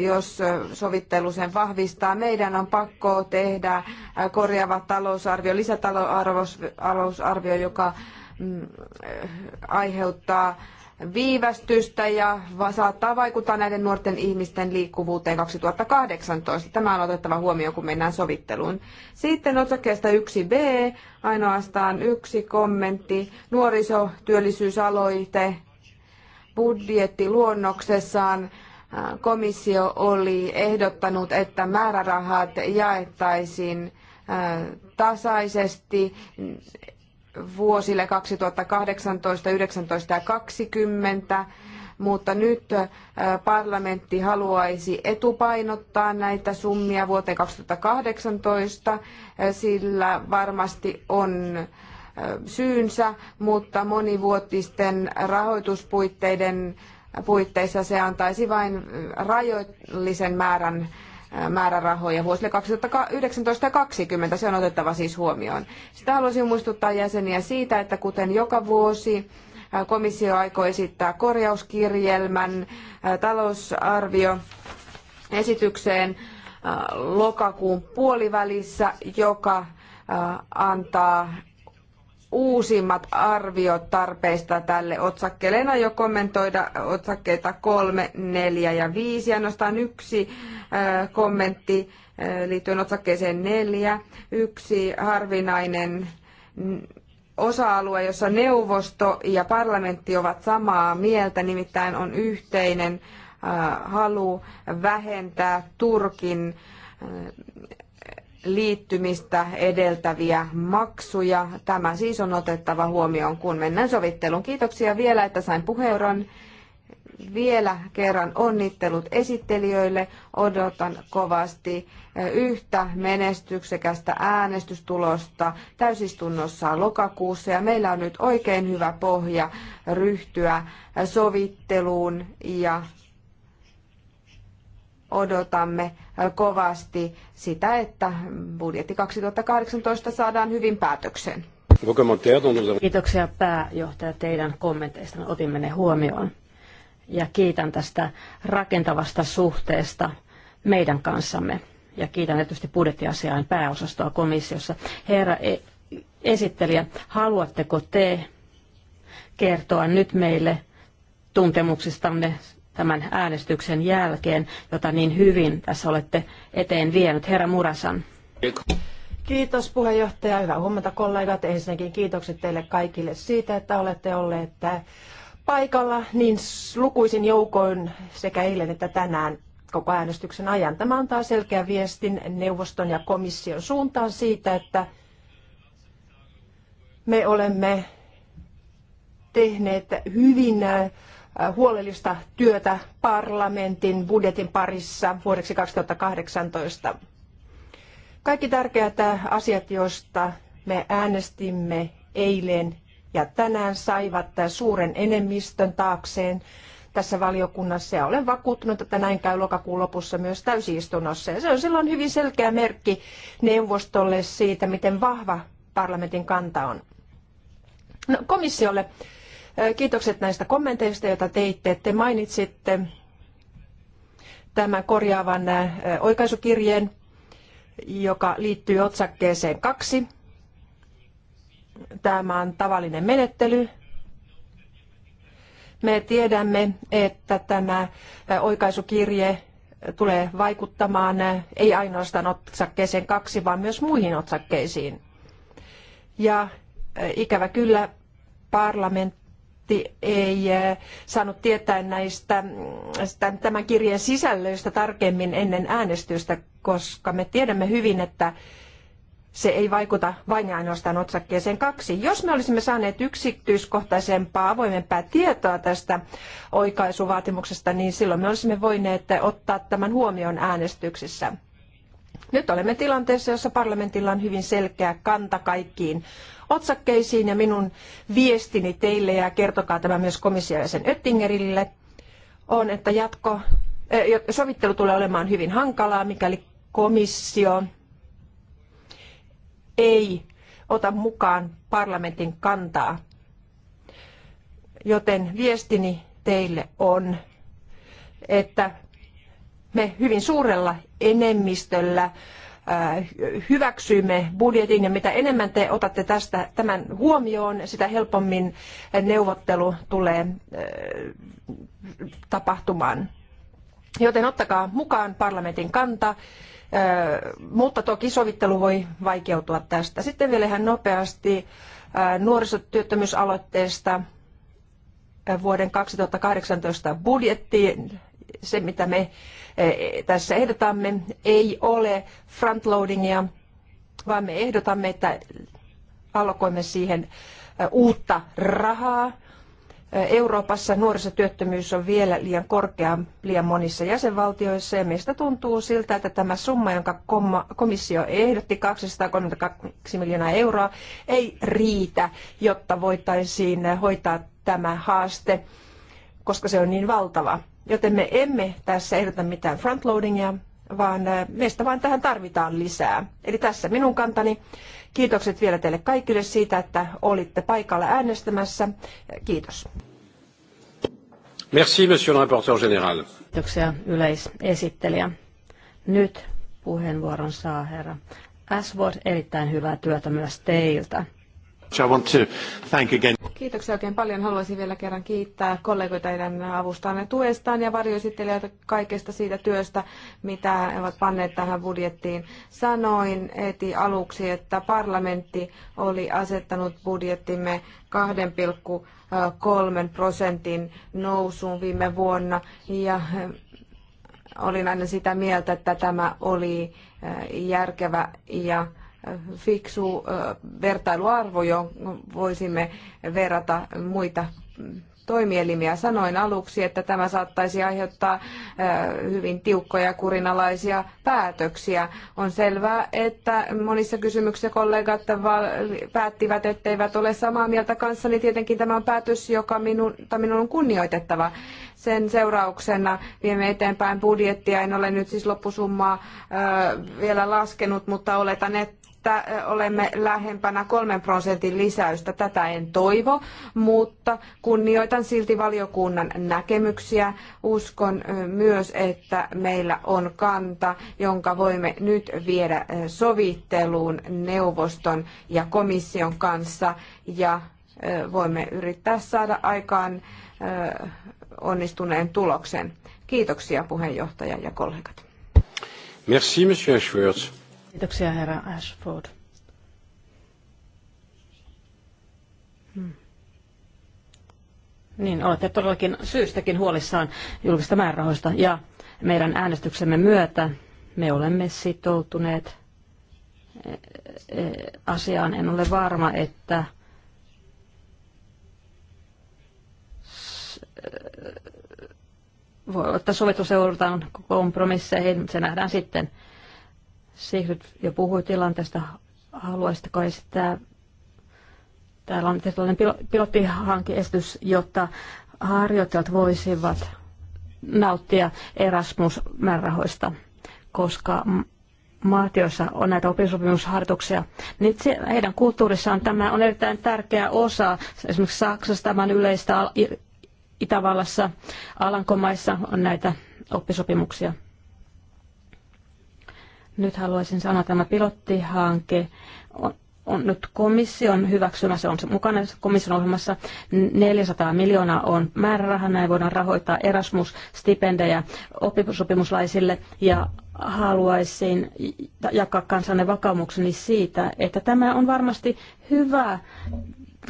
jos sovittelu sen vahvistaa. Meidän on pakko tehdä korjaava talousarvio, lisätalousarvio, joka mm, aiheuttaa viivästystä ja saattaa vaikuttaa näiden nuorten ihmisten liikkuvuuteen 2018. Tämä on otettava huomioon, kun mennään sovitteluun. Sitten otsakkeesta 1b, ainoastaan yksi kommentti, nuorisotyöllisyysaloite, budjettiluonnoksessaan komissio oli ehdottanut, että määrärahat jaettaisiin tasaisesti vuosille 2018, 19 ja 20, mutta nyt parlamentti haluaisi etupainottaa näitä summia vuoteen 2018, sillä varmasti on syynsä, mutta monivuotisten rahoituspuitteiden puitteissa se antaisi vain rajoillisen määrän äh, määrärahoja vuosille 2019 ja 2020. Se on otettava siis huomioon. Sitä haluaisin muistuttaa jäseniä siitä, että kuten joka vuosi äh, komissio aikoo esittää korjauskirjelmän äh, talousarvio esitykseen lokakuun puolivälissä, joka antaa uusimmat arviot tarpeista tälle otsakkeelle. En aio kommentoida otsakkeita kolme, neljä ja viisi, Ja nostan yksi kommentti liittyen otsakkeeseen neljä, Yksi harvinainen osa-alue, jossa neuvosto ja parlamentti ovat samaa mieltä, nimittäin on yhteinen halu vähentää Turkin liittymistä edeltäviä maksuja. Tämä siis on otettava huomioon, kun mennään sovitteluun. Kiitoksia vielä, että sain puheenvuoron. Vielä kerran onnittelut esittelijöille. Odotan kovasti eh, yhtä menestyksekästä äänestystulosta täysistunnossa lokakuussa. Ja meillä on nyt oikein hyvä pohja ryhtyä eh, sovitteluun ja odotamme kovasti sitä, että budjetti 2018 saadaan hyvin päätökseen. Kiitoksia pääjohtaja teidän kommenteista. Otimme ne huomioon. Ja kiitän tästä rakentavasta suhteesta meidän kanssamme. Ja kiitän erityisesti budjettiasiain pääosastoa komissiossa. Herra e- esittelijä, haluatteko te kertoa nyt meille tuntemuksistanne tämän äänestyksen jälkeen, jota niin hyvin tässä olette eteen vienyt. Herra Murasan. Kiitos puheenjohtaja. Hyvää huomenta kollegat. Ensinnäkin kiitokset teille kaikille siitä, että olette olleet paikalla niin lukuisin joukoin sekä eilen että tänään koko äänestyksen ajan. Tämä antaa selkeä viestin neuvoston ja komission suuntaan siitä, että me olemme tehneet hyvin Äh, huolellista työtä parlamentin budjetin parissa vuodeksi 2018. Kaikki tärkeät asiat, joista me äänestimme eilen ja tänään, saivat suuren enemmistön taakseen tässä valiokunnassa ja olen vakuuttunut, että näin käy lokakuun lopussa myös täysistunnossa. Ja se on silloin hyvin selkeä merkki neuvostolle siitä, miten vahva parlamentin kanta on. No, komissiolle Kiitokset näistä kommenteista, joita teitte. Te mainitsitte tämän korjaavan oikaisukirjeen, joka liittyy otsakkeeseen kaksi. Tämä on tavallinen menettely. Me tiedämme, että tämä oikaisukirje tulee vaikuttamaan ei ainoastaan otsakkeeseen kaksi, vaan myös muihin otsakkeisiin. Ja ikävä kyllä parlamentti parlamentti ei eh, saanut tietää näistä tämän kirjeen sisällöistä tarkemmin ennen äänestystä, koska me tiedämme hyvin, että se ei vaikuta vain ja ainoastaan otsakkeeseen kaksi. Jos me olisimme saaneet yksityiskohtaisempaa, avoimempaa tietoa tästä oikaisuvaatimuksesta, niin silloin me olisimme voineet ottaa tämän huomioon äänestyksissä. Nyt olemme tilanteessa, jossa parlamentilla on hyvin selkeä kanta kaikkiin otsakkeisiin ja minun viestini teille ja kertokaa tämä myös komissiaisen Öttingerille on, että jatko, eh, sovittelu tulee olemaan hyvin hankalaa, mikäli komissio ei ota mukaan parlamentin kantaa. Joten viestini teille on, että me hyvin suurella enemmistöllä Äh, hyväksyimme budjetin ja mitä enemmän te otatte tästä tämän huomioon, sitä helpommin neuvottelu tulee äh, tapahtumaan. Joten ottakaa mukaan parlamentin kanta, äh, mutta toki sovittelu voi vaikeutua tästä. Sitten vielä ihan nopeasti nuorisotyöttömyysaloitteesta vuoden 2018 budjettiin se, mitä me eh, tässä ehdotamme, ei ole frontloadingia, vaan me ehdotamme, että allokoimme siihen eh, uutta rahaa. Eh, Euroopassa nuorisotyöttömyys on vielä liian korkea liian monissa jäsenvaltioissa ja meistä tuntuu siltä, että tämä summa, jonka komissio ehdotti 232 miljoonaa euroa, ei riitä, jotta voitaisiin hoitaa tämä haaste, koska se on niin valtava. Joten me emme tässä ehdota mitään frontloadingia, vaan äh, meistä vain tähän tarvitaan lisää. Eli tässä minun kantani. Kiitokset vielä teille kaikille siitä, että olitte paikalla äänestämässä. Kiitos. Merci, monsieur le rapporteur général. Kiitoksia yleisesittelijä. Nyt puheenvuoron saa herra Ashford. Erittäin hyvää työtä myös teiltä. I want to thank again. Kiitoksia oikein paljon. Haluaisin vielä kerran kiittää kollegoita heidän avustaan ja tuestaan ja varjoesittelijöitä kaikesta siitä työstä, mitä he ovat panneet tähän budjettiin. Sanoin heti aluksi, että parlamentti oli asettanut budjettimme 2,3 prosentin nousuun viime vuonna ja olin aina sitä mieltä, että tämä oli järkevä ja fiksu vertailuarvo, jo voisimme verrata muita toimielimiä. Sanoin aluksi, että tämä saattaisi aiheuttaa hyvin tiukkoja kurinalaisia päätöksiä. On selvää, että monissa kysymyksissä kollegat päättivät, etteivät ole samaa mieltä kanssani. Tietenkin tämä on päätös, joka minun, minun on kunnioitettava. Sen seurauksena viemme eteenpäin budjettia. En ole nyt siis loppusummaa vielä laskenut, mutta oletan, että että olemme lähempänä kolmen prosentin lisäystä. Tätä en toivo, mutta kunnioitan silti valiokunnan näkemyksiä. Uskon myös, että meillä on kanta, jonka voimme nyt viedä sovitteluun neuvoston ja komission kanssa ja voimme yrittää saada aikaan onnistuneen tuloksen. Kiitoksia puheenjohtaja ja kollegat. Merci, monsieur Schwartz. Kiitoksia herra Ashford. Hmm. Niin, olette todellakin syystäkin huolissaan julkista määrärahoista ja meidän äänestyksemme myötä me olemme sitoutuneet eh, eh, asiaan. En ole varma, että eh, voi olla, että sovitus seurataan kompromisseihin, se nähdään sitten. Sigrid jo puhui tilanteesta, kai esittää Täällä on tällainen pilottihankeesitys, jotta harjoittajat voisivat nauttia Erasmus-määrärahoista, koska maatioissa on näitä opisopimusharjoituksia, niin se, heidän kulttuurissaan tämä on erittäin tärkeä osa. Esimerkiksi Saksassa tämän yleistä Itävallassa, Alankomaissa on näitä oppisopimuksia. Nyt haluaisin sanoa, että tämä pilottihanke on, on nyt komission hyväksymä, se on se mukana komission ohjelmassa. 400 miljoonaa on määräraha, näin voidaan rahoittaa Erasmus-stipendejä oppisopimuslaisille ja haluaisin jakaa kansanne vakaumukseni siitä, että tämä on varmasti hyvä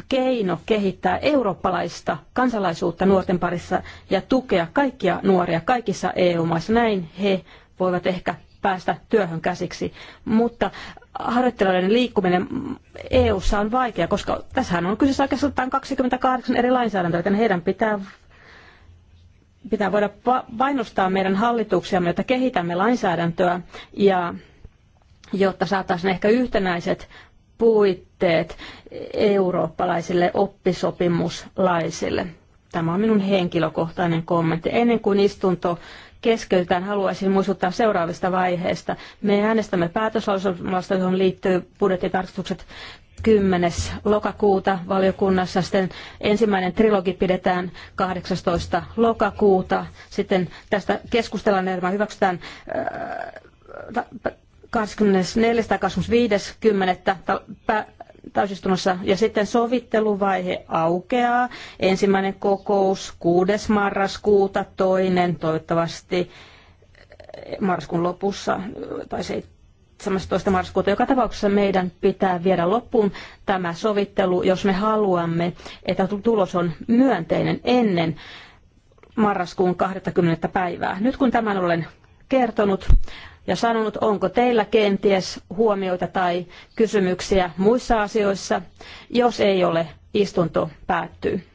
keino kehittää eurooppalaista kansalaisuutta nuorten parissa ja tukea kaikkia nuoria kaikissa EU-maissa. Näin he voivat ehkä päästä työhön käsiksi. Mutta harjoittelijoiden liikkuminen EU:ssa on vaikea, koska tässähän on kyseessä oikeastaan 28 eri lainsäädäntöä, joten heidän pitää pitää voida painostaa meidän hallituksiamme, jotta kehitämme lainsäädäntöä ja jotta saataisiin ehkä yhtenäiset puitteet eurooppalaisille oppisopimuslaisille. Tämä on minun henkilökohtainen kommentti. Ennen kuin istunto keskeytetään, haluaisin muistuttaa seuraavista vaiheista. Me äänestämme päätöslauselmasta, johon liittyy budjettitarkistukset 10. lokakuuta valiokunnassa. Sitten ensimmäinen trilogi pidetään 18. lokakuuta. Sitten tästä keskustellaan ja hyväksytään 24. Äh, tai 10 täysistunnossa. Ja sitten sovitteluvaihe aukeaa. Ensimmäinen kokous 6. marraskuuta, toinen toivottavasti eh, marraskuun lopussa eh, tai 17. marraskuuta. Joka tapauksessa meidän pitää viedä loppuun tämä sovittelu, jos me haluamme, että tulos on myönteinen ennen marraskuun 20. päivää. Nyt kun tämän olen kertonut, ja sanonut, onko teillä kenties huomioita tai kysymyksiä muissa asioissa. Jos ei ole, istunto päättyy.